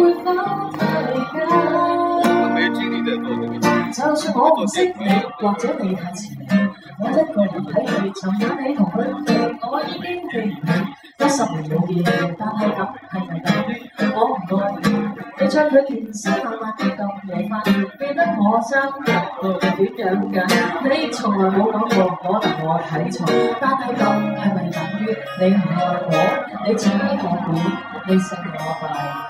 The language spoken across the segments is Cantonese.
我會否理解？就算我唔識你，或者你太遲嚟。我一個人喺越長越你同佢。我已經記唔起，我十年冇見，但係咁係咪等於我唔愛你？你將佢甜心慢慢遞到我懷，記得我傷過點樣噶？你從來冇講過，可能我睇錯。但係咁係咪等於你唔愛我？你自己代表你錫我吧。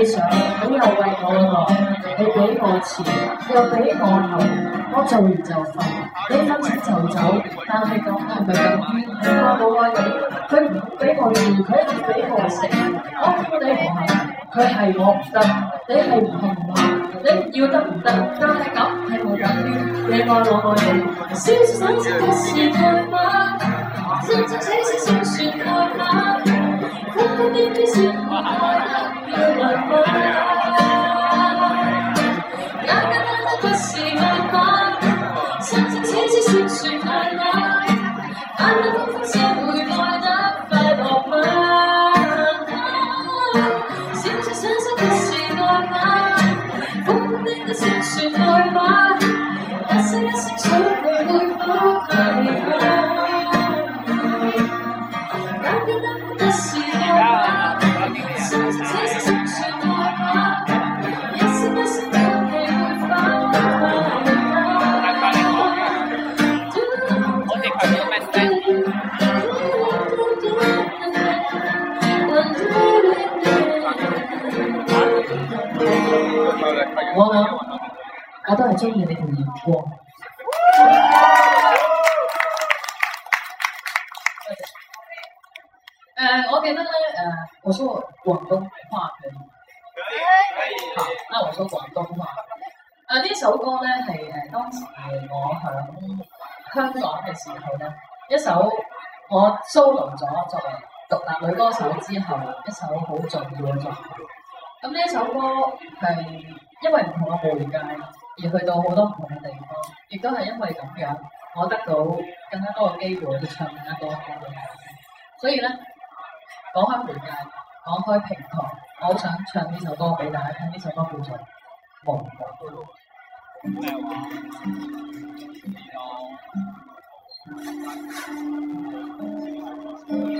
你想，你又為我忙，你俾我錢，又俾我糖，我做完就瞓，你翻錢就走。但係咁係咪等於你愛我愛你？佢唔俾我住，佢唔俾我食，我叫你唔行，佢係我唔得，你係唔行嘛？你要得唔得？但係咁係咪等於你愛我，我愛你？酸酸澀澀是愛嗎？深深淺淺算算愛嗎？中意你條陽光。誒，我記得咧，誒，我說廣東話可以，可以，好，那我說廣東話。誒，呢首歌咧係誒當時我響香港嘅時候咧，一首我收錄咗作為獨立女歌手之後，一首好重要嘅作品。咁呢一首歌係因為唔同嘅背景，而去到好多唔同嘅地方，亦都係因為咁樣，我得到更加多嘅機會去唱更加多嘅歌。所以咧，講開媒介，講開平台，我好想唱呢首歌俾大家聽。呢首歌叫做《蒙古姑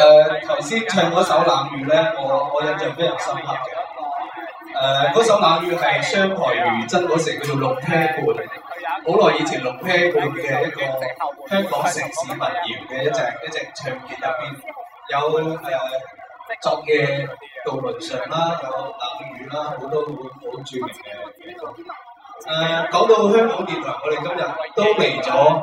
誒頭先唱嗰首冷雨咧，我我印象非常深刻。誒、呃、嗰首冷雨係商台俞琤嗰時叫做六啤半，好耐以前六啤半嘅一個香港城市民謠嘅一隻一隻唱片入邊有誒昨夜渡輪上啦，有冷雨啦，好多好著名嘅。誒，講到香港電台，我哋今日都嚟咗。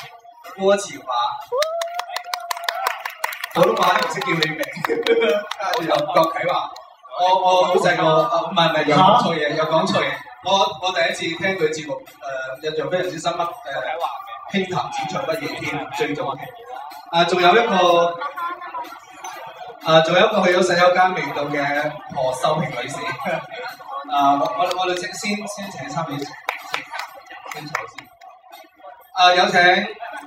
郭子華，普通話唔識叫你名，跟住又郭啟華，我我好細個，唔係唔係有講錯嘢，有講錯嘢，我我，我，我、啊、不不我，我第一次聽佢節目，誒印象非常之深刻，誒，傾談展場乜嘢添，最重要，啊、呃，仲有一個，啊、呃，仲有一個去咗洗手間未到嘅何秀萍女士，啊、呃，我我哋請先先請三位先，先坐，先。啊，有請。